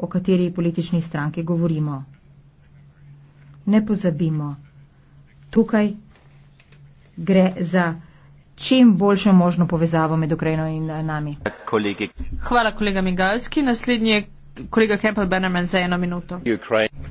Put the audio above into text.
o kateri politični stranki govorimo. Ne pozabimo, tukaj gre za čim boljšo možno povezavo med Ukrajino in eh, nami. Kolegi. Hvala, kolega Migalski. Naslednji je kolega Kempel Benjamin za eno minuto. Ukraine.